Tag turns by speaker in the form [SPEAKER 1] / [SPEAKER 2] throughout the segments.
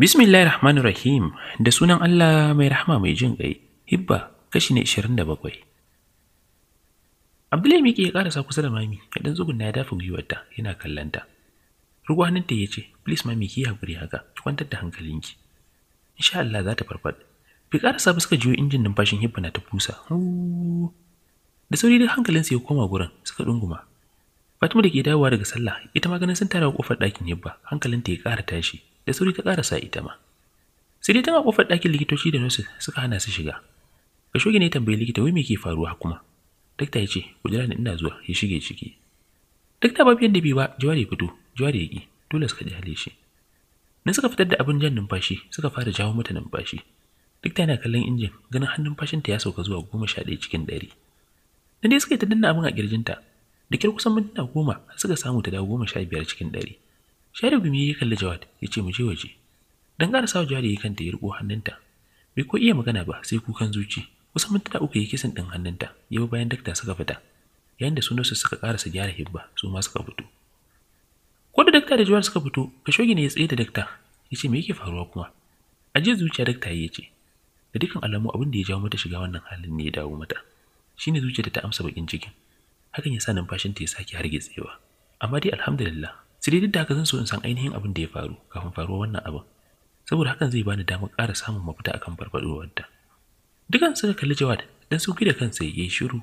[SPEAKER 1] Bismillahir Rahmanir Rahim da sunan Allah mai rahama mai jin ƙai, Hibba kashi ne 27. Abdullahi Miki ya ƙarasa kusa da mami, ya dan tsugunna ya dafa gwiwarta yana kallanta. Rugo ya ce, "Please mami ki hakuri haka, ki kwantar da hankalinki. Insha Allah za ta farfad." Bai ƙarasa ba suka jiyo injin numfashin Hibba na ta fusa. da sauri duk su ya koma gurin suka dunguma. fatima da ke dawowa daga sallah ita ma ganin sun tara kofar ɗakin yabba hankalinta ya ƙara tashi da sauri ta ƙara sa ita ma sai dai tana kofar ɗakin likitoci da nurses suka hana su shiga shoge ne tambayi likita wai me ke faruwa kuma dakta ya ce ku jira ni ina zuwa ya shige ciki dakta babu da bai ba ya fito jawari ya ki dole suka ji hale shi nan suka fitar da abin jan numfashi suka fara jawo mata numfashi dakta yana kallon injin ganin hannun fashinta ya sauka zuwa goma sha ɗaya cikin ɗari Na dai suka yi ta danna abin a kirjinta, da kyar kusan mintuna goma suka samu ta dawo goma sha biyar cikin ɗari. Sharif gumi ya kalli Jawad ya ce mu je waje. Dan ƙara sa Jawad ya kanta ya riƙo hannunta. Bai ko iya magana ba sai kukan zuci. Kusan mintuna uku ya kisan ɗin hannunta ya bi bayan dakta suka fita. Yayin da sunansu suka ƙarasa gyara hibba su ma suka fito. Ko da dakta da Jawad suka fito, Kashogi ne ya tsaye da dakta ya ce me yake faruwa kuma. A zuciya dakta ya ce, da dukkan alamu abin da ya jawo mata shiga wannan halin ne ya dawo mata. shine zuciyarta ta amsa bakin cikin hakan ya sa ta ya sake hargitsewa amma dai alhamdulillah sai dai da haka zan so in san ainihin abin da ya faru kafin faruwar wannan abin saboda hakan zai bani damar ƙara samun mafita akan farfadowarta dukan suka kalli jawad dan sauki da kansa yayi shiru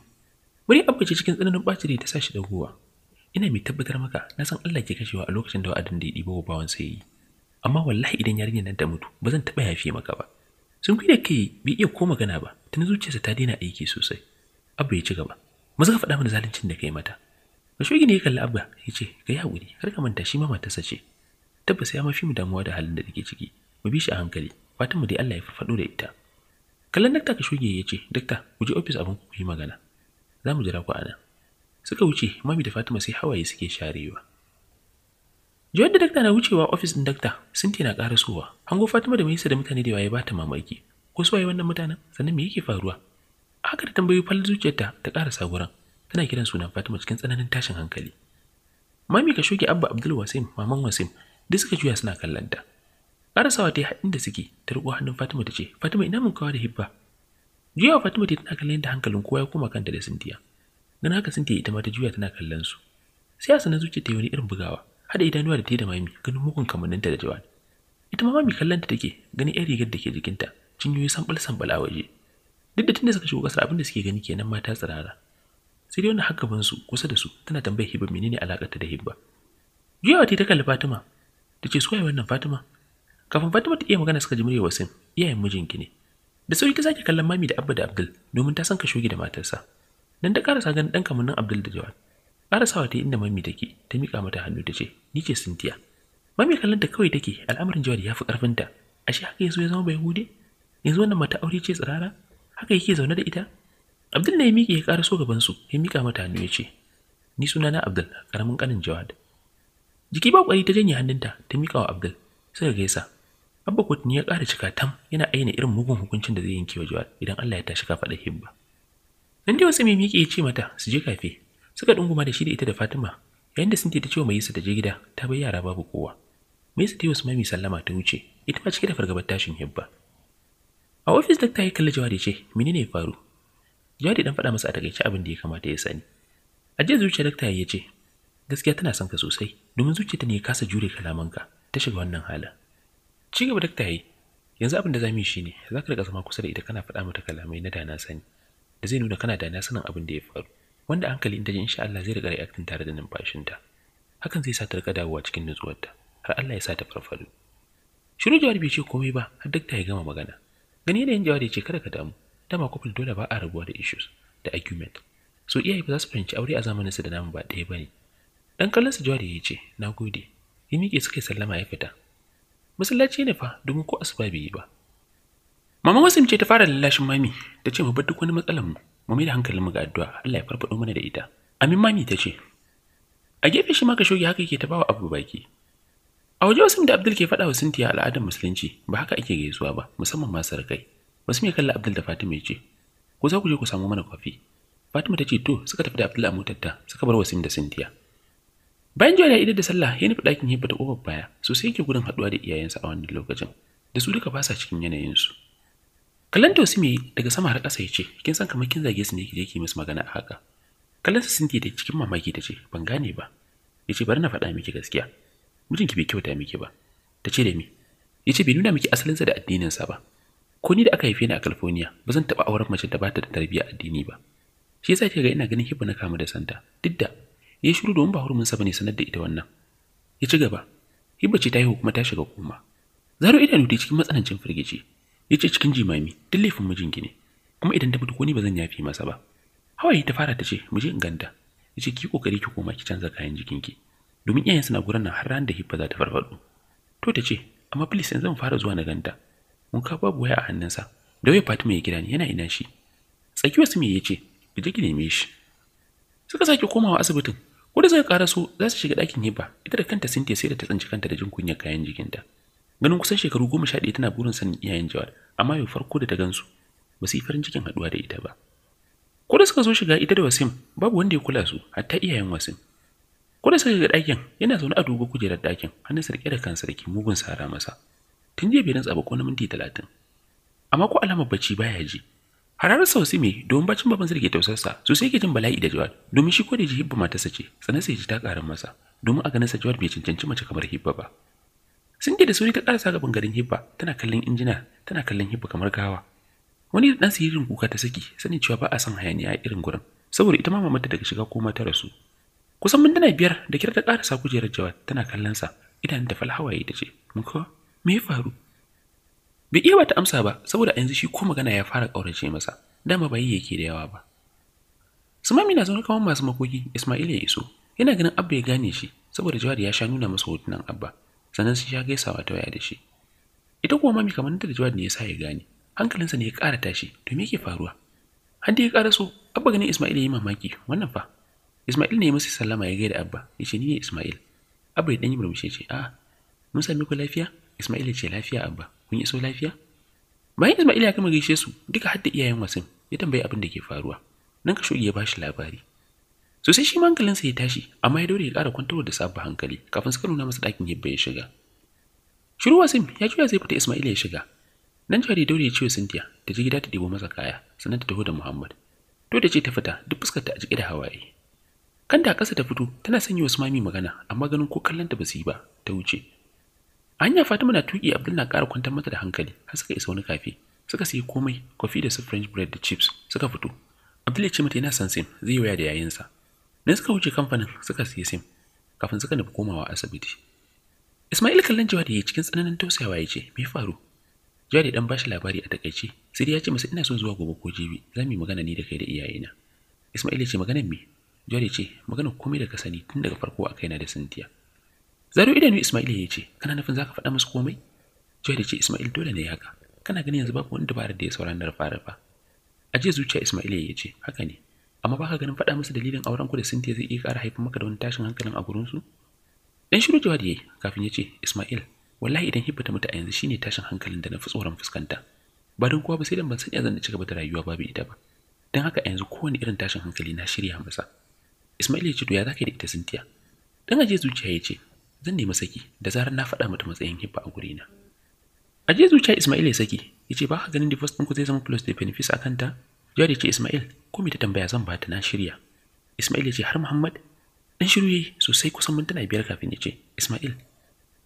[SPEAKER 1] wani abbace cikin tsananin da ta sashi dagowa ina mai tabbatar maka na san Allah ke kashewa a lokacin da wa'adin da ya ɗibo wa bawan sai yi amma wallahi idan yarinyar nan ta mutu ba zan taɓa yafe maka ba sun da kai bai iya ko magana ba tun zuciyarsa ta daina aiki sosai Abba ya ci gaba. mu ka faɗa mana zaluncin da kai mata. Bashogi ne ya kalli Abba ya ce, "Ka yi haƙuri, kar ka manta shi ma matarsa ce." Tabbas ya mafi mu damuwa da halin da take ciki. Mu bi shi a hankali. Fatan mu dai Allah ya farfaɗo da ita. Kallon dakta ka shoge ya ce, "Dakta, ku je ofis abin ku yi magana. Za mu jira ku a nan." Suka wuce, Mami da Fatima sai hawaye suke sharewa. Jawar da dakta na wucewa ofis ɗin dakta, Sinti na ƙarasowa. Hango Fatima da Maisa da mutane da waye ba ta mamaki. Ko su waye wannan mutanen? Sannan me yake faruwa? haka da tambayi fal zuciyarta ta karasa gurin tana kiran sunan Fatima cikin tsananin tashin hankali mami ka shoki abba Abdul Wasim maman Wasim duk suka juya suna kallon ta karasawa ta yi haɗin da suke ta riƙo hannun Fatima ta ce Fatima ina mun kawo da hibba juya Fatima ta tana kallon da hankalin kowa ya koma kanta da Sintiya dan haka Sintiya ita ma ta juya tana kallon su sai a sanar zuciya ta yi wani irin bugawa hada idanuwa da ta da mami ganin mugun kamanninta da jawan ita ma mami kallon ta take ganin 'yan rigar da ke jikinta cinyoyi sambal sambal a waje duk da tunda suka shigo kasar abin da suke gani kenan mata tsirara sai dai wani haka ban su kusa da su tana tambayar hibba menene ta da hibba juyawa ta kalli fatima ta ce su wannan fatima kafin fatima ta iya magana suka ji murya wasin iyayen mijinki ne da sauri ta sake kallon mami da abba da abdul domin ta san ka shoge da matarsa nan ta karasa ganin dan kamannin abdul da jawad karasawa ta yi inda mami take ta miƙa mata hannu ta ce ni ce sintiya mami kallon ta kawai take al'amarin jawad ya fi ƙarfinta ashe haka yanzu ya zama bai hude yanzu wannan mata aure ce tsirara haka yake zaune da ita abdul ne ya miƙe ya ƙara so gaban su ya miƙa mata hannu ya ce ni sunana abdul ƙaramin ƙanin jawad jiki ba ƙwari ta janye hannunta ta miƙa wa abdul suka gaisa abba kotun ya ƙara cika tam yana aina irin mugun hukuncin da zai yanke wa jawad idan allah ya tashi kafaɗa hibba nan dai wasu mai miƙe ya ce mata su je kafe suka ɗunguma da shi da ita da fatima yayin da sun ta ce wa maisa ta je gida ta bai yara babu kowa maisa ta yi wasu mami sallama ta wuce ita ma cike da fargabar tashin hibba a ofis dakta ya kalli jawadi ce menene ya faru jawadi dan faɗa masa a takaice abin da ya kamata ya sani a jiya zuciyar dakta ya ce gaskiya tana son ka sosai domin zuciyarta ne ya kasa jure kalamanka ta shiga wannan halin ci gaba dakta yi, yanzu abin da zamu yi shine za ka riga zama kusa da ita kana faɗa mata kalamai na dana sani da zai nuna kana dana sanin abin da ya faru wanda hankali in ta ji insha Allah zai riga reacting tare da numfashinta hakan zai sa ta riga dawowa cikin nutsuwarta har Allah ya sa ta farfado shiru jawabi bai ce komai ba har dakta ya gama magana gani da yin jawabi ce kada ka damu dama couple dole ba a rabuwa da issues da argument so iyaye ba za su fahimci aure a zamanin su da namu ba ɗaya bane dan kallon su jawabi ya ce nagode yi miƙe suka yi sallama ya fita masallaci ne fa domin ko asuba bai yi ba mama wasim ce ta fara lallashin mami ta ce mu bar duk wani matsalar mu mu mai da hankalin mu ga addu'a Allah ya farfaɗo mana da ita amin mami ta ce a gefe shi ma ka shoge haka yake ta bawa abu baki A waje wasu da Abdul ke faɗa wa Sintiya al'adar musulunci ba haka ake gaisuwa ba musamman ma sarkai. Wasu mai kalla Abdul da Fatima ya ce, "Ku za ku je ku samu mana kwafi." Fatima ta ce to suka tafi da Abdul a motarta suka bar wasu da Sintiya. Bayan jiya da idar da sallah ya nufi ɗakin hibba ta ƙofar baya sosai yake gudun haɗuwa da iyayensa a wannan lokacin da su duka ba sa cikin yanayinsu. Kallon tausi mai daga sama har ƙasa ya ce, "Kin san kamar kin zage su ne yake musu magana a haka." Kallon su Sintiya ta cikin mamaki ta ce, "Ban gane ba." Ya ce, "Bari na faɗa miki gaskiya." mijinki bai kyauta miki ba ta ce da mi ya ce bai nuna miki asalinsa da addininsa ba ko ni da aka haife ni a California ba zan taɓa auren mace da ba ta da tarbiyya addini ba shi yasa ga ina ganin hibba na kama da santa duk da ya shiru domin ba hurumin sa ne sanar da ita wannan ya ci gaba hibba ce ta yi kuma ta shiga koma zaro idanu da cikin matsanancin firgici ya ce cikin jimami duk laifin mijinki ne kuma idan ta mutu ko ni ba zan yafi masa ba hawaye ta fara ta ce mu je in ganta ya ce ki kokari ki koma ki canza kayan jikinki domin iyayen suna gurin nan har ran da hibba za ta farfado to ta ce amma please yanzu zan fara zuwa na ganta mun ka babu waya a hannunsa da waya Fatima ya gida ni yana ina shi tsaki wasu me yace ki je ki neme shi suka sake komawa asibitin ko da suka karaso za su shiga ɗakin hibba ita da kanta Cynthia sai da ta tsinci kanta da jin kunyar kayan jikinta ganin kusan shekaru goma sha ɗaya tana burin sanin iyayen jawar amma yau farko da ta gansu ba su yi farin cikin haɗuwa da ita ba ko da suka zo shiga ita da Wasim babu wanda ya kula su hatta iyayen Wasim ko da suka ga ɗakin yana zaune a dogo kujerar ɗakin hannun sarki da kansa da mugun sara masa tun jiya bai rantsa ba ko na minti talatin amma ko alamar bacci baya ji hararar sausi me domin bacin baban sarki tausarsa su sai yake jin bala'i da jawad domin shi ko da ji hibba matarsa ce sannan sai ji ta ƙarin masa domin a ganin sa jawad bai cancanci mace kamar hibba ba sun da sauri ta ƙarasa gaban garin hibba tana kallon injina tana kallon hibba kamar gawa wani da ɗan siririn kuka ta saki sanin cewa ba a son hayaniya irin gurin saboda ita ma mamata daga shiga koma ta rasu kusan mintuna biyar da kira ta ƙarasa kujerar jawad tana kallon sa idan da falhawaye ta ce muka me ya faru bai iya bata amsa ba saboda yanzu shi ko magana ya fara ƙaurace masa dama ba yi yake da yawa ba sumami na zaune kamar masu makoki ismail ya iso yana ganin abba ya gane shi saboda jawad ya sha nuna masa hotunan abba sannan sun sha gaisawa ta waya da shi ita kuma mami kamar da jawad ne ya sa ya gane hankalinsa ne ya ƙara tashi to me yake faruwa har da ya ƙara so abba ganin Ismail ya yi mamaki wannan fa Ismail ne masa sallama ya gaida Abba, ya ce ni ne Ismail. Abba ya ɗan yi murmushi ce, "A, ah, mun sami ku lafiya?" Ismail ya ce, "Lafiya Abba, kun so lafiya?" Bayan Ismail ya kama gaishe su, duka har da iyayen wasin, ya tambayi abin da ke faruwa. Nan ka shoge ya bashi labari. So sai shi ma hankalinsa ya tashi, amma ya daure ya ƙara kwantarwa da sabon hankali kafin suka nuna masa ɗakin yabba ya shiga. Shiru Wasim ya juya zai fita Ismail ya shiga. Nan jari dore ya ce wa Cynthia ta je gida ta ɗebo masa kaya, sannan ta taho da Muhammad. To da ce ta fita, duk fuskar ta a jike da hawaye. kan da ƙasa ta fito tana sanya wasu mami magana amma ganin ko kallon ta ba su yi ba ta wuce anya fatima na tuki abdul na ƙara kwantar mata da hankali har suka isa wani kafe suka sayi komai kofi da su french bread da chips suka fito abdul ya ce mata yana son sim zai yi waya da yayinsa ne suka wuce kamfanin suka sayi sim kafin suka nufi komawa asibiti ismail kallon da ya cikin tsananin tausayawa ya ce me faru da dan bashi labari a takaice sai ya ce masa ina son zuwa gobe ko jibi za mu yi magana ni da kai da iyayena ismail ya ce maganar me Jari ce, magana komai da ka sani tun daga farko a kaina da Cynthia. Zaro idanu Ismail ya ce, kana nufin zaka faɗa musu komai? Jari ce Ismail dole ne haka. Kana ganin yanzu babu wani dabarar da ya saura na rufa rufa. A jiya zuciya Ismail ya ce, haka ne. Amma baka ganin faɗa musu dalilin auren ku da Cynthia zai iya ƙara haifar maka da wani tashin hankalin a gurin su? Dan shiru jawabi yayi kafin ya ce, Ismail, wallahi idan hibba ta mutu a yanzu shine tashin hankalin da na fi tsoron fuskanta. Ba don kowa ba sai dan ban san ya zan ci gaba da rayuwa babu ita ba. dan haka yanzu kowane irin tashin hankali na shirya masa. Ismail ya ce to ya zaka da ita Cynthia dan aje zuciya ya ce zan nemi saki da zarar na faɗa mata matsayin hibba a gurina aje zuciya Ismail ya saki ya ce ba ka ganin divorce ɗinku zai zama plus da benefits akan ta Jari ce Ismail ko me ta tambaya zan ba ta na shirya Ismail ya ce har Muhammad dan shiru yayi sosai kusan mintuna biyar kafin ya ce Ismail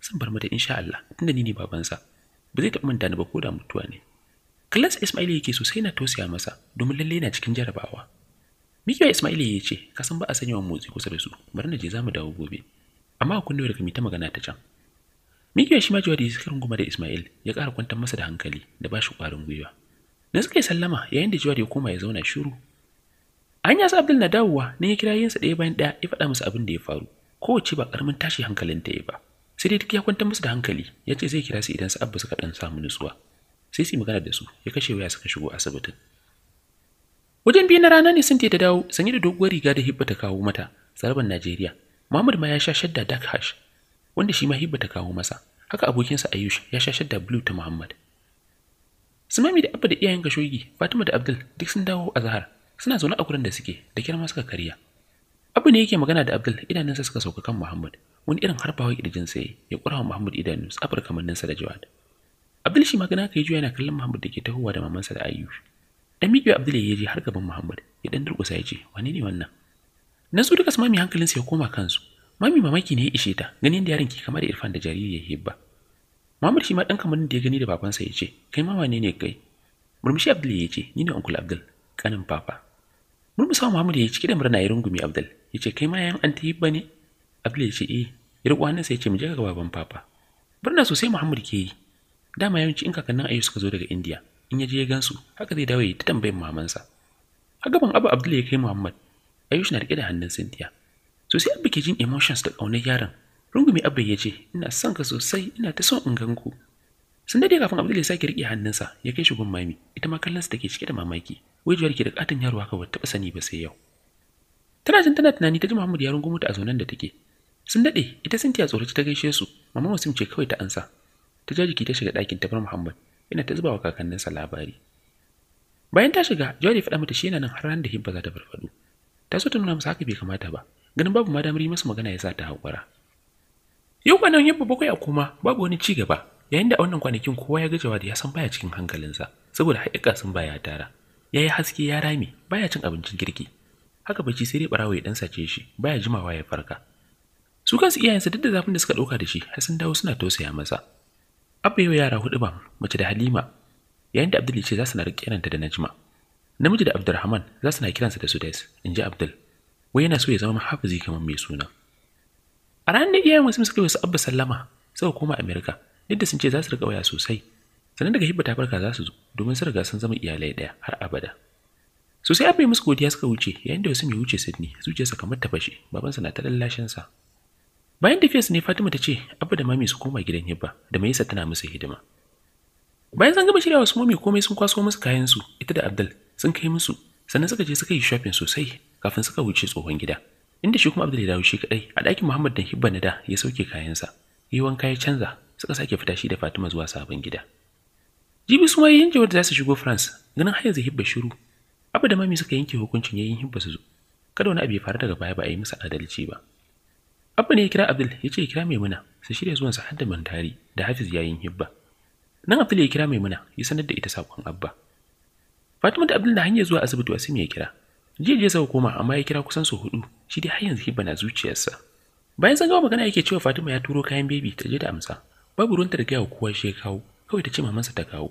[SPEAKER 1] zan bar mata insha Allah tunda ni ne babansa ba zai taɓa manta ni ba ko da mutuwa ne klas Ismail yake sosai na tausaya masa domin lalle yana cikin jarabawa Mijiya Ismaili ya ce, "Ka san ba a wa motsi kusa da su, bari na je za mu dawo gobe." Amma kun da kami magana ta can. Mijiya shi ma jawabi suka runguma da Ismail ya ƙara kwantar masa da hankali da ba shi ƙwarin gwiwa. Na suka yi sallama yayin da jawabi ya koma ya zauna shiru. An yasa Abdul na dawowa ne ya kira yinsa ɗaya bayan ɗaya ya faɗa masa abin da ya faru. Kowace ba ƙaramin tashi hankalin ta yi ba. Sai dai duk ya kwanta masa da hankali ya ce zai kira su idan su Abba suka ɗan samu nutsuwa. Sai su yi magana da su ya kashe waya suka shigo asibitin. Wajen biyu na rana ne sun ta dawo sanye da doguwar riga da Hibba ta kawo mata, tsaraban Najeriya. Muhammad ma ya sha shadda dark hash, wanda shi ma Hibba ta kawo masa. Haka abokinsa Ayush ya sha shadda blue ta Muhammad. Sumami da Abba da iyayen Gashogi, Fatima da Abdul duk sun dawo a Zahar. Suna zaune a gurin da suke, da girma suka karya. Abu ne yake magana da Abdul idanunsa suka sauka kan Muhammad. Wani irin harbawa kirjin sai ya kura wa Muhammad idanu tsafar kamanninsa da Jawad. Abdul shi magana kai juya yana kallon Muhammad da ke tahowa da mamansa da Ayush. dan miƙewa Abdul ya je har gaban Muhammad ya dan durkusa ya ce wane ne wannan Nasu su duka su mami hankalinsa ya koma kansu mami mamaki ne ya ishe ta ganin da yaron ki kamar da Irfan da jariri ya hibba Muhammad shi ma dan kamar da ya gani da babansa ya ce kai ma wane ne kai murmushi Abdul ya ce ni ne Uncle Abdul kanin papa murmusa Muhammad ya cike da murna ya rungumi Abdul ya ce kai ma yan anti hibba ne Abdul ya ce eh ya ya ce mu je ga baban papa murna sosai Muhammad ke yi dama yawanci in kakannin ayu suka zo daga India in ya je ya gansu haka zai dawo ya ta tambayin mamansa a gaban abu Abdullahi ya kai muhammad ayush na rike da hannun cynthia so sai abu ke jin emotions da ƙaunar yaron rungumi abu ya ce ina son ka sosai ina ta son in gan ku sun dade kafin abdul ya sake rike hannunsa ya kai shi mami ita ma kallonsa take cike da mamaki Wai jiyar ke da katin yaro haka ba taɓa sani ba sai yau tana jin tana tunani ta ji muhammad ya rungumo ta a zonan da take sun dade ita cynthia tsoraci ta gaishe su mama wasim ce kawai ta ansa ta ja ta shiga ɗakin ta muhammad yana ta zuba kakanninsa labari bayan ta shiga ya faɗa mata shi yana nan har da himba za ta farfaɗo ta so ta nuna masa haka bai kamata ba ganin babu ma damar yi masa magana ya sa ta haƙura yau kwanan hibba bakwai a koma babu wani ci gaba yayin da a wannan kwanakin kowa ya ga da ya san baya cikin hankalinsa saboda haƙiƙa sun baya tara ya yi haske ya rame baya cin abincin girki. haka bacci sai dai barawo ya ɗan sace shi baya jimawa ya farka su kansu iyayensa duk da zafin da suka ɗauka da shi har sun dawo suna tausaya masa Abba yau yara hudu ba, mace da Halima, yayin da Abdul ya ce za su na kiranta da Najma. Namiji da Abdulrahman za su na kiransa da Sudais, in ji Abdul. Wai yana so ya zama hafizi kamar mai suna. A ranar da iyayen wasu suka yi wasu Abba sallama, suka koma Amerika, duk da sun ce za su riƙa waya sosai. Sannan daga hibba ta za su zo, domin su riga sun zama iyalai daya har abada. Sosai Abba ya musu godiya suka wuce, yayin da wasu mai wuce Sydney, zuciyarsa kamar ta fashe, babansa na ta lallashinsa. Bayan tafiyarsu ne Fatima ta ce, Abba da Mami su koma gidan Hibba, da mai yasa tana musu hidima. Bayan sun gama shiryawa Mami komai sun kwaso musu kayansu, ita da Abdul sun kai musu, sannan suka je suka yi shopping sosai kafin suka wuce tsohon gida. Inda shi kuma Abdul ya dawo shi kadai a ɗakin Muhammad dan Hibba na da ya sauke kayansa. Yi wanka ya canza, suka sake fita shi da Fatima zuwa sabon gida. Jibi su ma yayin jawar da za su shigo France, ganin har yanzu Hibba shiru. Abba da Mami suka yanke hukuncin yayin Hibba su zo. Kada wani abu ya faru daga baya ba a yi musu adalci ba. abba ne ya kira abdul ya ce ya kira maimuna su shirya zuwansa har da mantari da hafiz yayin hibba nan abdul ya kira maimuna ya sanar da ita sakon abba fatima da abdul na hanyar zuwa asibiti wasu ya kira jiya jiya sau koma amma ya kira kusan su hudu shi dai har yanzu hibba na zuciyarsa bayan sun gama magana yake cewa fatima ya turo kayan bebi ta je da amsa babu ruwan ta da gaya kowa shi ya kawo kawai ta ce mamansa ta kawo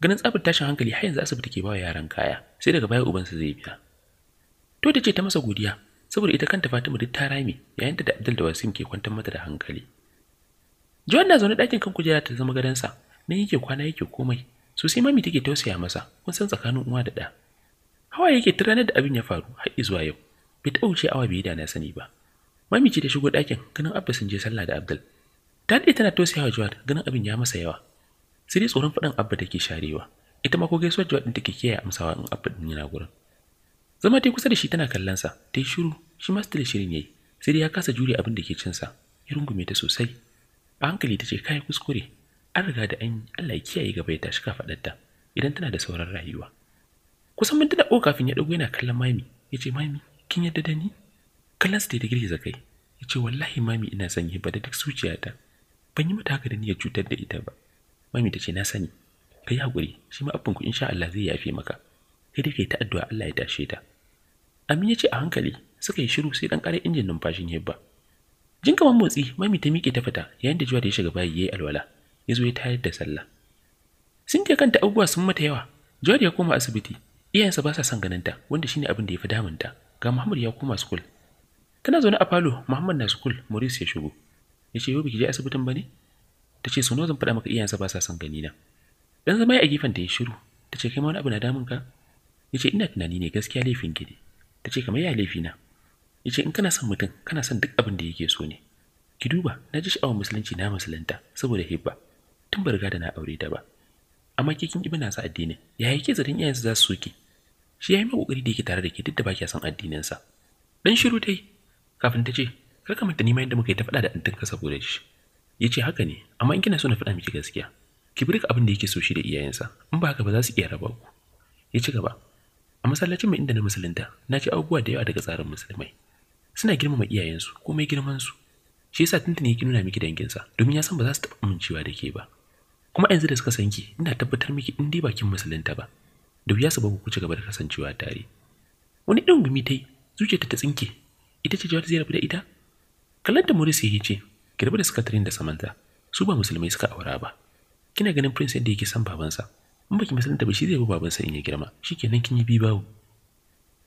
[SPEAKER 1] ganin tsabar tashin hankali har yanzu asibiti ke ba yaran kaya sai daga baya ubansa zai biya to ta ce ta masa godiya saboda ita kanta Fatima duk ta rame yayin da Abdul da Wasim ke kwantar mata da hankali. John na zaune ɗakin kan kujera ta zama gadansa, nan yake kwana yake komai. So sai mami take tausaya masa, kun san tsakanin uwa da ɗa. Hawa yake ta ranar da abin ya faru har zuwa yau. Bai taɓa wuce awa biyu da na sani ba. Mami ce ta shigo ɗakin ganin Abba sun je sallah da Abdul. Ta daɗe tana tausaya wa ganin abin ya masa yawa. Sai dai tsoron faɗin Abba take sharewa. Ita ma ko gaisuwar Jawad ɗin take kiyaye amsawa in Abba ɗin yana gurin. Zama ta kusa da shi tana kallonsa, ta yi shiru, shi ma still shirin yayi, sai dai ya kasa jure abin da ke cinsa, ya rungume ta sosai. A hankali ta ce kai kuskure, an riga da an Allah ya kiyaye gaba ya tashi ta. idan tana da sauran rayuwa. Kusan mintuna uku kafin ya dago yana kallon mami, ya ce mami, kin yadda da ni? Kallon ta da girgiza kai, ya ce wallahi mami ina sanye ba da duk zuciyata. Ban yi mata haka da niyyar cutar da ita ba. Mami ta ce na sani, kai hakuri, shi ma abin ku insha Allah zai yafe maka. Kai dai kai ta addu'a Allah ya tashe ta. Amin ya ce a hankali suka yi shiru sai dan kare injin numfashin Hibba. Jin kamar motsi mami ta miƙe ta fita yayin da Juwa ta shiga bayi yayi alwala ya zo ya tayar da sallah. Sun ke kanta abubuwa sun mata yawa. Juwa ya koma asibiti iyayensa ba sa son ganin ta wanda shine abin da ya fi ta, ga Muhammad ya koma school. Tana zaune a falo Muhammad na school Maurice ya shigo. Ya ce yau biki je asibitin ba ne? Ta ce sunozin zan faɗa maka iyayensa ba sa son gani na. Dan zama ya a gefen ta ya shiru. Ta ce kai ma wani abu na damun ka? Ya ce ina tunani ne gaskiya laifin ki ta ce kamar ya laifi na ya ce in kana son mutum kana son duk abin da yake so ne ki duba na ji sha'awar musulunci na musulunta saboda hibba tun ba riga da na aure ta ba amma ke kin ibina sa addinin ya yi ke zaton iyayensa za su so ki shi ya yi kokari da yake tare da ke duk da ba kya son addinin dan shiru ta yi kafin ta ce kar ka manta nima yadda muka yi ta faɗa da antinka saboda shi ya ce haka ne amma in kina so na faɗa miki gaskiya ki bi duk abin da yake so shi da iyayensa in ba haka ba za su iya raba ku ya ci gaba a masallacin mai inda na musulunta na ce abubuwa da yawa daga tsarin musulmai suna girmama iyayensu mai girmansu shi yasa tuntuni yake nuna miki danginsa domin ya san ba za su taɓa amincewa da ke ba kuma yanzu da suka san ki ina tabbatar miki in dai bakin musulunta ba da ya su ba ku ci gaba da kasancewa tare wani ɗan gumi ta yi zuciyarta ta tsinke ita ce jawar zai da ita kallon da morris ya ce ki rabu da sakatarin da samanta su ba musulmai suka aura ba kina ganin prince yadda yake san babansa in baki musulunta ba shi zai bi sa in ya girma shikenan kin yi bi babu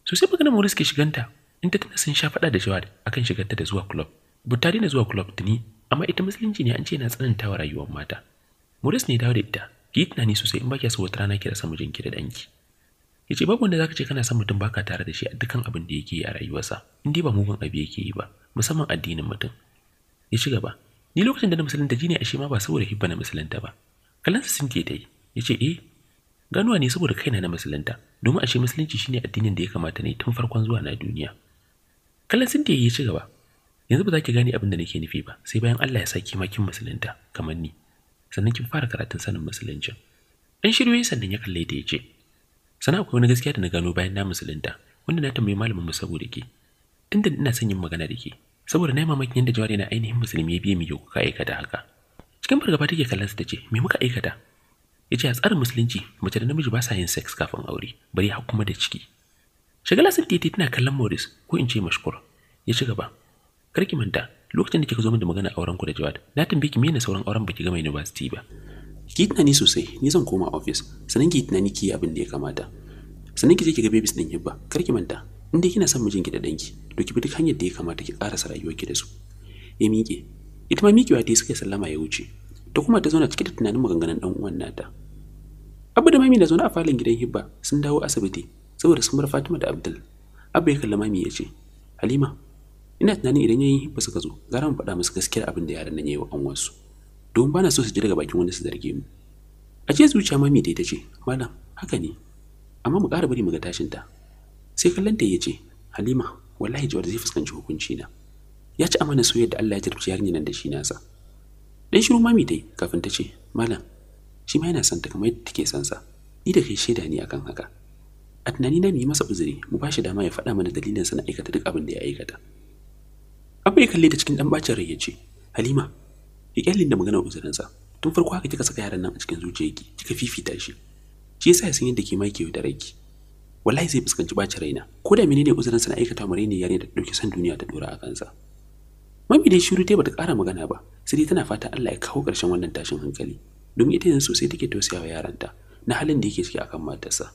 [SPEAKER 1] so sai maganar Morris ke shiganta in ta tana sun sha faɗa da Jawad akan shiganta da zuwa club but ta zuwa club tuni amma ita musulunci ne an ce yana tsanantawa rayuwar mata Morris ne dawo da ita ki yi tunani sosai in baki so wata rana ki rasa mijinki da danki ya ce babu wanda zaka ce kana son mutum baka tare da shi a dukkan abin da yake yi a rayuwarsa in dai ba mugun abu yake yi ba musamman addinin mutum ya ci gaba ni lokacin da na musulunta ji ne shi ma ba saboda hibba na musulunta ba kalansa sun ke ta yi ya ce eh ganuwa ne saboda kaina na musulunta domin ashe musulunci shine addinin da ya kamata ne tun farkon zuwa na duniya kallon da ya ci gaba yanzu ba za ki gane abin da nake nufi ba sai bayan Allah ya saki makin musulunta kamar ni sannan kin fara karatun sanin musulunci dan shirye sannan ya kalle ta ya ce sana akwai wani gaskiya da na gano bayan na musulunta wanda na tambayi malamin mu saboda ke tunda ina son yin magana da ke saboda na yi mamakin yadda jawari na ainihin musulmi ya biye mu yau kuka aikata haka cikin fargaba take kallon ta ce me muka aikata ya ce a tsarin musulunci mace da namiji ba sa yin sex kafin aure bari ya kuma da ciki shagala sun titi tana kallon Morris ko in ce mashkur ya ci gaba ki manta lokacin da kika zo min da magana auren ku da Jawad na tambaye ki mene sauran auren baki gama university ba ki tunani sosai ni zan koma office sanin ki tunani ki abin da ya kamata sanin ki je ki ga babies din yabba karki manta inda kina son mijinki da danki to ki bi duk hanyar da ya kamata ki karasa rayuwarki da su ya miƙe ita ma miƙewa ta yi suka sallama ya wuce Da kuma ta zauna cike da tunanin maganganun ɗan uwan nata abu da mami na zaune a falon gidan hibba sun dawo asibiti saboda sun bar fatima da abdul abu ya kalla mami ya ce halima ina tunanin idan yayin hibba suka zo gara mu faɗa musu gaskiyar abin da yaran nan yayi wa domin don bana so su ji daga bakin wani su zarge mu a ce zuciya mami dai ta ce malam haka ne amma mu ƙara bari mu ga tashin sai kallon ta ya ce halima wallahi jawar zai fuskanci hukunci na ya ci amana soyayya da Allah ya tarbiyyar yarinya nan da shi nasa dan shiru mami dai kafin ta ce malam shi ma yana son ta kamar yadda take son sa ni da kai shaida ne akan haka a tunani na mu yi masa uzuri mu bashi dama ya faɗa mana dalilin sa na aikata duk abin da ya aikata abu ya kalle ta cikin dan bacin rai ya ce halima ki kyallin da maganar sa tun farko haka kika saka yaran nan a cikin zuciyarki kika fifita shi shi yasa ya san yadda ke maki da raiki wallahi zai fuskanci bacin raina ko da menene sa na aikata mare ne yare da dauki san duniya ta dora a kansa Mami dai shiru ta bata ƙara magana ba, sai dai tana fata Allah ya kawo ƙarshen wannan tashin hankali. Domin ita yanzu sosai take tausayawa yaranta na halin da yake ciki akan matarsa.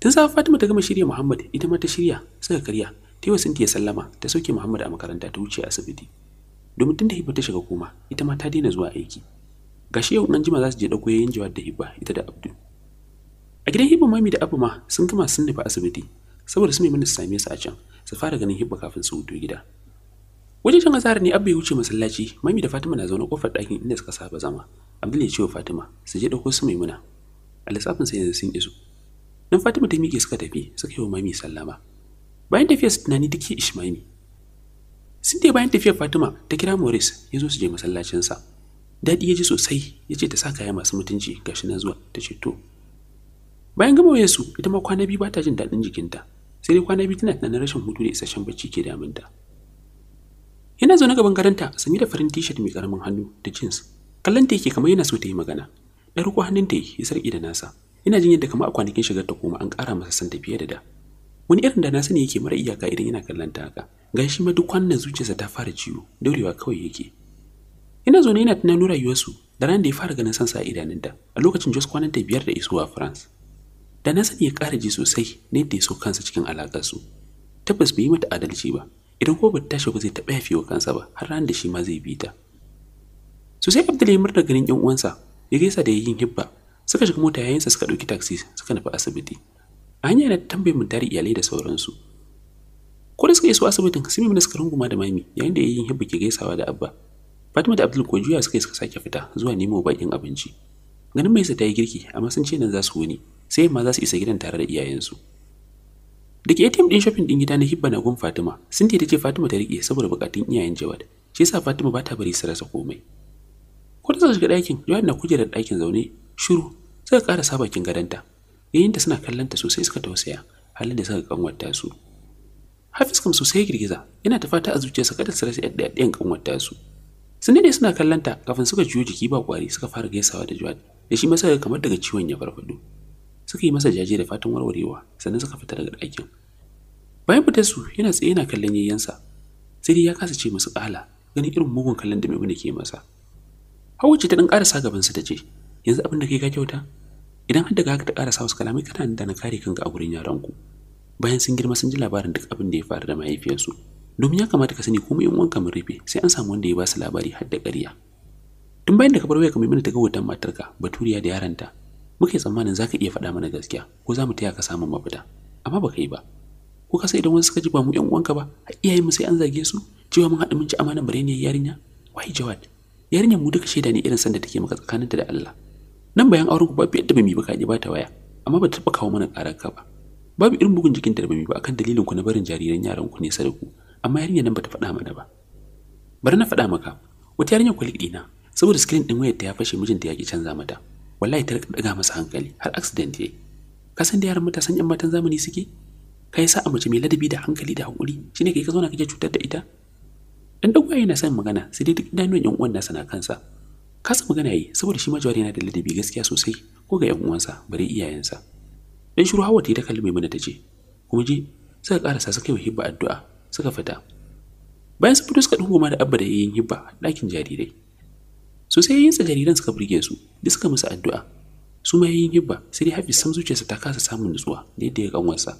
[SPEAKER 1] Tun sa Fatima ta gama shirya Muhammad, ita ma ta shirya, suka karya. Ta yi wa Sintiya sallama, ta sauke Muhammad a makaranta ta wuce asibiti. Domin tun da Hibba ta shiga koma, ita ma ta daina zuwa aiki. Gashi yau ɗan jima za su je ɗauko yayin jawar da Hibba, ita da Abdu. A gidan Hibba Mami da Abu ma sun gama sun nufi asibiti, saboda su mai mana su same su a can, su fara ganin Hibba kafin su wuto gida. wajen shan azahar ne abba ya wuce masallaci mami da fatima na zaune kofar ɗakin inda suka saba zama abdul ya ce wa fatima su je ɗauko su maimuna a lissafin sai yanzu sun iso dan fatima ta miƙe suka tafi suka yi wa mami sallama bayan tafiyar su tunani duk ya ishi mami sun dai bayan tafiyar fatima ta kira maurice ya zo su je masallacinsa daɗi ya ji sosai ya ce ta sa kaya masu mutunci gashi na zuwa ta ce to bayan gama wayarsu ita ma kwana biyu ba ta jin daɗin jikinta sai dai kwana biyu tana tunanin rashin hutu da isasshen bacci ke damunta Yana zaune gaban gadonta sanye da farin t mai karamin hannu da jeans. Kallon ta yake kamar yana so ta yi magana. Dan riko hannun ta ya sarki da nasa. Yana jin yadda kamar a kwanakin shigar ta koma an ƙara masa san tafiye da da. Wani irin da nasa ne yake mara iyaka idan yana kallon ta haka. Gashi ma duk wannan zuciyarsa ta fara ciwo, daurewa kawai yake. Yana zaune yana tunanin rayuwarsu da ran da ya fara ganin sansa a idanunta a lokacin Jos kwanan ta biyar da isuwa France. Da nasa ne ya ƙara ji sosai na yadda ya so kansa cikin alaƙarsu. Tabbas bai yi mata adalci ba, idan ko bata tashi ba zai taɓa yafewa kansa ba har ran da shi ma zai bi ta so sai abdul ya murna ganin yan uwansa ya gaisa da yayin hibba suka shiga mota sa suka ɗauki taxi suka nufi asibiti a hanya na tambayin mun tare iyalai da sauransu ko da suka iso asibitin simi mun suka runguma da mami yayin da yayin hibba ke gaisawa da abba fatima da abdul ko juya suka suka sake fita zuwa nemo bakin abinci ganin mai sa ta yi girki amma sun ce nan za su wuni sai ma za su isa gidan tare da iyayensu Dake ATM din shopping din gida na Hibba na gun Fatima, sun ta ce Fatima ta rike saboda bukatun iyayen Jawad. Shi yasa Fatima ba ta bari su rasa komai. Ko ta shiga ɗakin, Jawad na kujerar ɗakin zaune, shiru, suka ƙara sabakin gadanta. da suna kallon ta sosai suka tausaya, halin da suka kanwata su. Hafiz kam sosai girgiza, yana ta fata a zuciyarsa kada su rasa yadda ɗayan kanwata su. Sun ne suna kallon ta kafin suka juyo jiki ba kwari suka fara gaisawa da Jawad, da shi ma kamar daga ciwon ya farfado. suka yi masa jaje da fatan warwarewa sannan suka fita daga ɗakin bayan fitar su yana tsaye yana kallon yayyansa sai dai ya kasa ce musu ƙala ganin irin mugun kallon da maimuna ke masa hawa ce ta ɗan ƙarasa gabansa ta ce yanzu abin da kai ka kyauta idan har daga haka ta ƙarasa wasu kalamai kana da na kare kanka a gurin yaranku bayan sun girma sun ji labarin duk abin da ya faru da mahaifiyarsu domin ya kamata ka sani komai in wanka mun rufe sai an samu wanda ya ba su labari har da ƙarya tun bayan da ka bar waya ka maimuna ta ga hoton matarka baturiya da yaranta muke tsammanin zaka iya faɗa mana gaskiya ko za mu taya ka samun mafita amma baka yi ba ko ka sai idan wani suka ji ba mu yan uwanka ba iyayenmu sai an zage su cewa mun haɗu mun ci amanan bare ne yarinya wai jawad yarinyar mu duka shaida ne irin sanda take maka tsakaninta da Allah nan bayan auren ku babu yadda ba mu baka ji ba ta waya amma ba ta taba kawo mana karar ka ba babu irin bugun jikin da ba mu ba akan dalilin ku na barin jariran yaran ku nesa da ku amma yarinyar nan ba ta faɗa mana ba bari na faɗa maka wata yarinyar kwalik ɗina saboda screen ɗin wayar ta ya fashe mijinta ya canza mata wallahi ta daga masa hankali har accident yayi ka san da yaran matasan yan matan zamani suke kai sa mace mai ladabi da hankali da hakuri shine kai ka zauna kake cutar da ita dan dagwaye na son magana sai dai duk idanuwan yan uwan nasa na kansa kasa magana yayi saboda shi ma jawari yana da ladabi gaskiya sosai ko ga yan uwansa bare iyayensa dan shiru hawa ta kalli mana tace kuma je suka karasa suka yi hibba addu'a suka fita bayan su fito suka dungo ma da abba da yayin hibba dakin jarirai su sai yayin jariran suka burge su duk suka masa addu'a su ma yayin gibba sai dai hafiz sam zuciyarsa ta kasa samun nutsuwa da yadda ya kanwarsa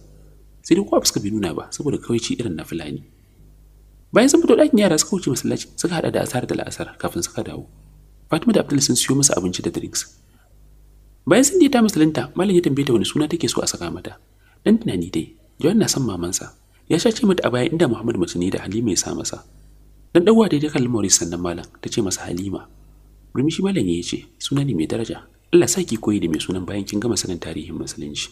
[SPEAKER 1] sai dai ko suka bi nuna ba saboda kawai ci irin na fulani bayan sun fito ɗakin yara suka wuce masallaci suka hada da asar da la'asar kafin suka dawo fatima da abdul sun siyo masa abinci da drinks bayan sun je ta musulunta malam ya tambaye ta wani suna take so a saka mata dan tunani dai jawan na son mamansa ya sha ce mata a baya inda muhammad macene da halima ya sa masa dan dawa dai ta kalli maurice sannan malam ta ce masa halima shi malam ya ce, suna ne mai daraja. Allah sa ki koyi da mai sunan bayan kin gama sanin tarihin musulunci.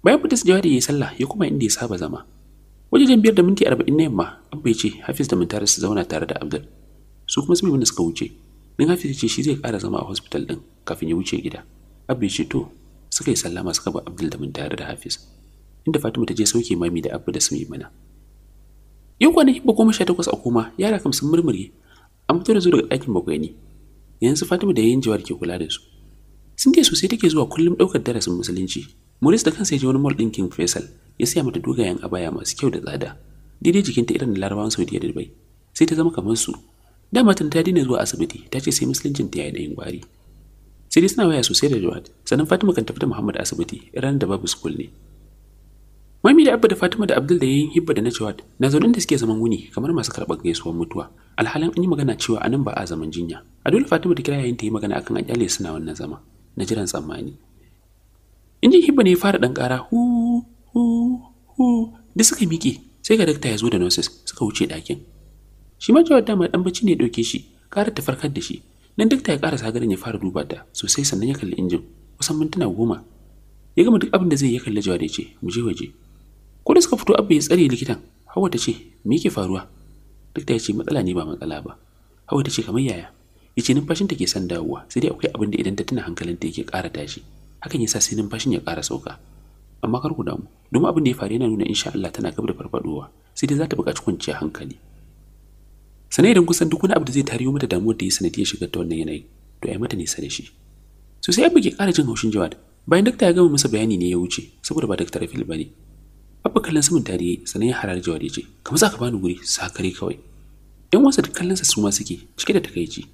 [SPEAKER 1] Bayan fitas jawadi ya yi sallah ya kuma inda ya saba zama. jan biyar da minti arba'in na yamma, Abba ya ce Hafiz da Muntari su zauna tare da Abdul. Su kuma su wani suka wuce. Din Hafiz ya ce shi zai kara zama a hospital din kafin ya wuce gida. Abba ya ce to, suka yi sallama suka ba Abdul da Muntari da Hafiz. Inda Fatima ta je sauke mami da Abba da su yi mana. Yau kwanaki ba goma sha takwas a koma yara kam sun murmure an fito da zuwa daga ɗakin ne. yanzu Fatima da yayinjiwar ke kula da su sun dai sosai take zuwa kullum ɗaukar darasin musulunci Maurice da kansa ya je wani mall ɗin King Faisal ya siya mata dogayen abaya masu kyau da tsada daidai jikinta irin da larabawan Saudiya da Dubai sai ta zama kamar su da matan ta daina zuwa asibiti ta ce sai musuluncin ta yayi ɗayin gwari sai dai suna waya sosai da Jawad sannan Fatima kan tafi da Muhammad asibiti ranar da babu school ne Mami da Abba da Fatima da Abdul da yayin Hibba da na Jawad na zaune da suke zaman wuni kamar masu karɓar gaisuwar mutuwa. Alhalin an yi magana cewa a nan ba a zaman jinya. A dole Fatima da kira yayin ta yi magana akan aƙyale suna wannan zama na jiran tsammani. Injin Hibba ne ya fara ɗan ƙara hu hu hu da suka miƙe sai ga dakta ya zo da nurses suka wuce ɗakin. Shi ma jawar dama ɗan bacci ne ya ɗauke shi ƙara ta farkar da shi nan dakta ya kara sagarin ya fara duba ta sosai sannan ya kalli injin kusan mintuna goma ya gama duk abin da zai ya kalli jawa da ce mu je waje ko da suka fito abu ya tsare likitan hawa ta ce me yake faruwa duk da ya ce matsala ne ba matsala ba hawa ta ce kamar yaya yace numfashin ta ke san dawowa sai dai akwai abin da idan ta tuna ta yake ƙara tashi hakan yasa sai numfashin ya ƙara sauka amma kar ku damu domin abin da ya faru yana nuna insha Allah tana gaba da farfadowa sai dai za ta buƙaci kwanciyar hankali sanai idan kusan duk wani abu da zai tariyo mata damuwar da ya ya shigar ta wannan yanayi to ai mata nisa da shi so sai abu ke ƙara jin haushin jawad bayan dakta ya gama masa bayani ne ya wuce saboda ba dakta Rafil bane abba kallon saman tarihi sanan ya harar jawar ya ce kamar za ka bani guri sakare kawai yan wasa da kallonsa su ma suke cike da takaici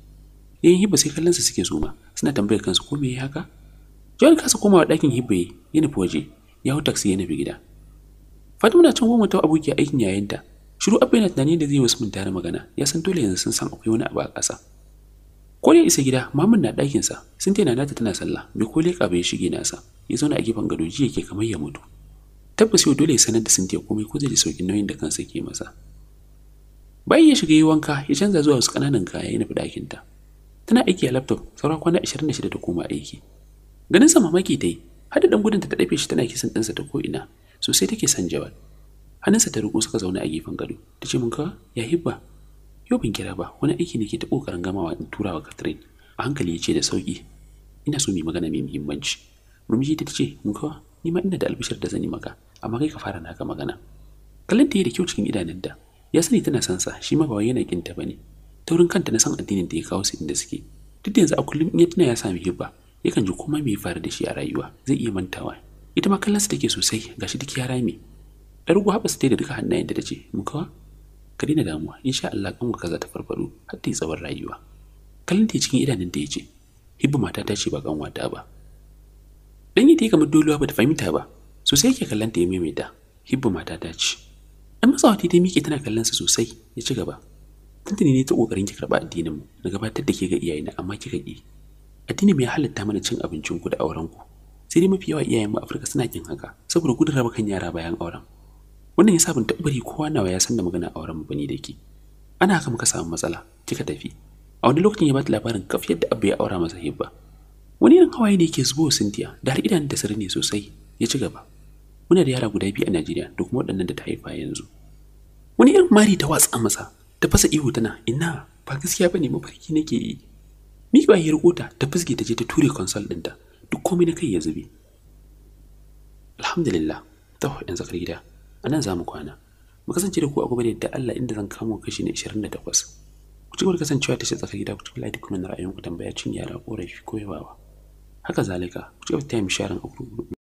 [SPEAKER 1] yayin hibba sai sa suke suma suna tambayar kansu ko me ya haka jawar kasa komawa ɗakin hibba ya ya nufi waje ya hau taksi ya nufi gida fatima na can goma ta abokiya aikin yayinta shiru abba yana tunanin da zai wasu mun tare magana ya san dole yanzu sun san akwai wani abu a ƙasa ko da isa gida mamun na ɗakinsa sun na nata tana sallah bai ko leƙa bai shige nasa ya zauna a gefen gado jiya ke kamar ya mutu tabbas yau dole ya sanar da sintiya komai ko zai ji nauyin da kansa ke masa bayan ya shiga yi wanka ya canza zuwa wasu ƙananan kaya yana fi ɗakin ta tana aiki a laptop saura kwana shida ta koma aiki ganin sa mamaki ta yi har da dan gudun ta dafe shi tana kisan ɗansa ta ko'ina sosai take son jawal hannunsa ta riko suka zauna a gefen gado ta ce mun kawa ya hibba yau ban kira ba wani aiki ne ke ta ƙoƙarin gamawa in tura wa Catherine a hankali ya ce da sauƙi ina so mai magana mai muhimmanci murmushi ta ce mun kawa ni ma ina da albishar da zan yi maka amma kai ka fara naka magana kallon ta yi da kyau cikin idanun da ya sani tana son sa shi ma ba wai yana kin ta bane taurin kanta na san addinin da ya kawo su inda suke duk da yanzu a kullum in ya tuna ya sami hibba yakan ji kuma mai fara da shi a rayuwa zai iya mantawa ita ma kallon sa take sosai gashi duk ya rame ɗan rugu haɓa su da duka hannayen da ta ce mun kawa ka daina damuwa insha Allah kan ka za ta farfado har ta yi tsawon rayuwa kallon ta cikin idanun da ya ce hibba mata ta ce ba kanwata ba dan yi ta kamar doluwa ba ta fahimta ba sosai yake kallon ta ya maimaita hibbu mata ta ce dan matsawa ta miƙe tana kallon sa sosai ya ci gaba tuntuni ne ta kokarin ki karba addinin mu na gabatar da ke ga na amma kika ki addinin mu ya halatta mana cin abincin ku da auren ku sai dai mafi yawa iyayen mu Afirka suna kin haka saboda gudun raba kan yara bayan auren wannan ya sabunta bari kowa nawa ya san da magana auren mu bane da ke ana haka muka samu matsala kika tafi a wani lokacin ya bata labarin kaf yadda abu ya aura masa hibba wani irin hawaye ne ke zubo Cynthia da har idan ta sirri ne sosai ya ci gaba muna da yara guda biyu a Najeriya da kuma waɗannan da ta haifa yanzu wani irin mari ta watsa masa ta fasa ihu tana ina ba gaskiya ba ne mafarki nake yi mi ba ya rikota ta fuske ta je ta ture konsol ɗinta duk komai na kai ya zube alhamdulillah ta yan zakar gida a nan za mu kwana mu kasance da ku a gobe da Allah inda zan kamo kashi na Ku ci gaba kasancewa ta tsaka gida ku tafi da kuma ra'ayin ku tambaya cin yara korafi ko yawawa haka zalika ku ci gaba ta yi misharin a